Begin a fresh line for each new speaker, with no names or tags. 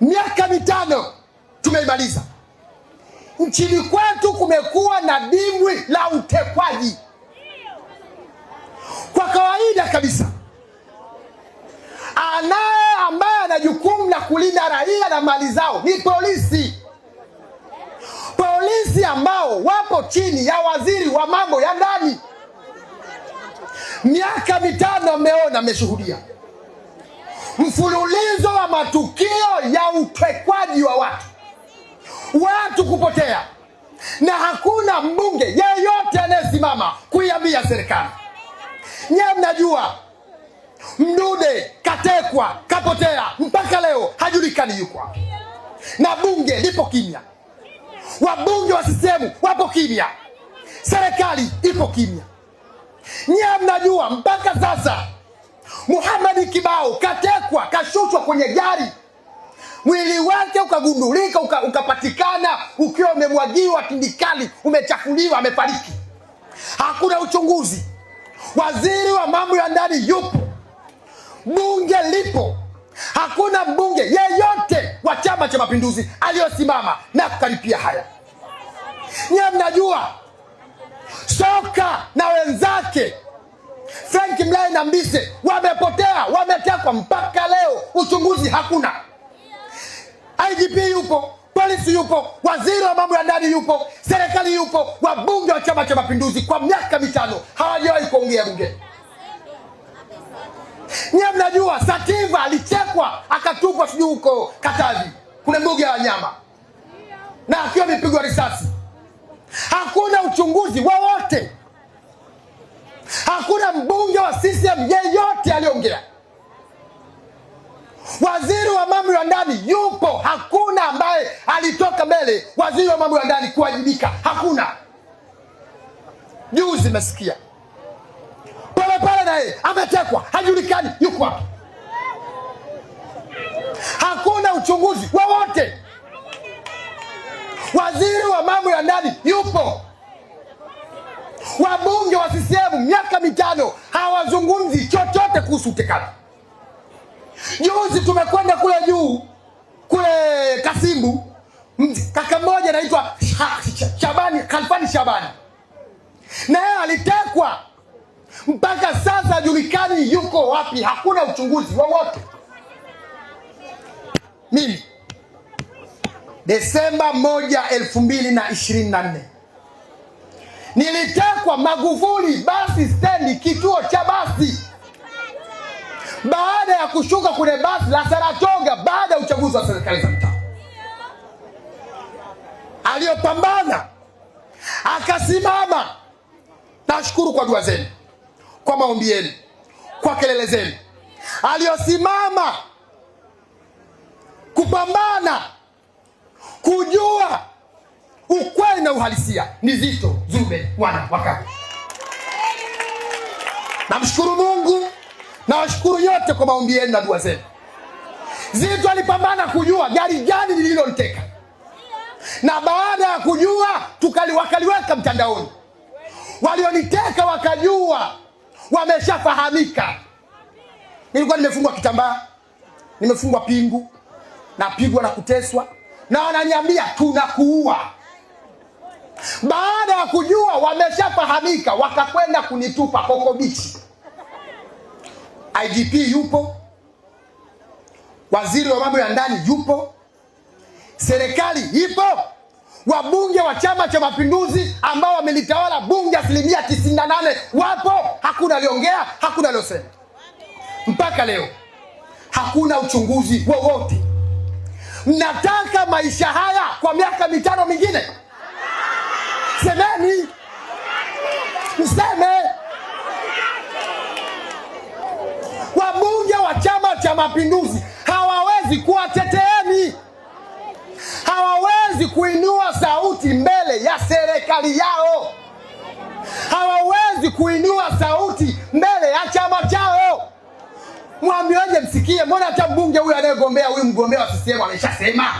miaka mitano tumeimaliza. Nchini kwetu kumekuwa na dimbwi la utekwaji kwa kawaida kabisa. Anaye ambaye ana jukumu la kulinda raia na mali zao ni polisi, polisi ambao wapo chini ya waziri wa mambo ya ndani. Miaka mitano mmeona, mmeshuhudia mfululizo wa matukio ya utekwaji wa watu, watu kupotea, na hakuna mbunge yeyote anayesimama kuiambia serikali. Nyewe mnajua Mdude katekwa, kapotea, mpaka leo hajulikani yuko na bunge lipo kimya, wabunge wa sisemu wapo kimya, serikali ipo kimya. Nyewe mnajua mpaka sasa Muhamadi Kibao katekwa, kashushwa kwenye gari, mwili wake ukagundulika, ukapatikana ukiwa umemwagiwa tindikali, umechafuliwa, amefariki. Hakuna uchunguzi. Waziri wa mambo ya ndani yupo, bunge lipo. Hakuna mbunge yeyote wa Chama cha Mapinduzi aliyosimama na kukaripia haya. Nyiye mnajua soka na wenzake Frank Mlai na Mbise wamepotea, wametekwa, mpaka leo uchunguzi hakuna. IGP yupo, polisi yupo, waziri wa mambo ya ndani yupo, serikali yupo, wabunge wa Chama cha Mapinduzi kwa miaka mitano hawajawahi kuongea bunge. Nyie mnajua Sativa alichekwa akatupwa sijui huko Katavi, kuna mbuga ya wanyama na akiwa mipigwa risasi. Hakuna uchunguzi wowote mbunge wa CCM yeyote aliongea, Waziri wa mambo ya ndani yupo, hakuna ambaye alitoka mbele waziri wa mambo ya ndani kuwajibika, hakuna. Juzi zimesikia Polepole naye ametekwa, hajulikani yuko wapi. Hakuna uchunguzi wowote. Waziri wa mambo ya ndani yupo Wabunge wa CCM miaka mitano hawazungumzi chochote kuhusu utekaji. Juzi tumekwenda kule juu kule Kasimbu, kaka mmoja anaitwa Shabani Khalfani Shabani, na yeye alitekwa, mpaka sasa hajulikani yuko wapi, hakuna uchunguzi wowote. Mimi Desemba moja elfu mbili na ishirini na nne nilitekwa Magufuli basi stendi, kituo cha basi, baada ya kushuka kule basi la Saratoga, baada ya uchaguzi wa serikali za mtaa. Aliyopambana akasimama. Nashukuru kwa dua zenu, kwa maombi yenu, kwa kelele zenu, aliyosimama kupambana uhalisia ni zito zube wana wakati. Namshukuru Mungu na washukuru yote kwa maombi yenu na dua zenu. zito alipambana kujua gari gani lililoliteka, na baada ya kujua wakaliweka mtandaoni, walioniteka wakajua, wameshafahamika. Nilikuwa nimefungwa kitambaa, nimefungwa pingu, napigwa na kuteswa, na wananiambia tunakuua. Baada ya kujua wameshafahamika, wakakwenda kunitupa Koko Bichi. IGP yupo, waziri wa mambo ya ndani yupo, serikali ipo, wabunge wa Chama cha Mapinduzi ambao wamelitawala bunge asilimia 98 wapo. Hakuna aliongea, hakuna aliosema. Mpaka leo hakuna uchunguzi wowote. Mnataka maisha haya kwa miaka mitano mingine? Semeni, mseme. Wabunge wa Chama cha Mapinduzi hawawezi kuwa teteeni, hawawezi kuinua sauti mbele ya serikali yao, hawawezi kuinua sauti mbele ya chama chao. Mwambiweje msikie? Mbona hata mbunge huyu anayegombea huyu mgombea wa CCM ameshasema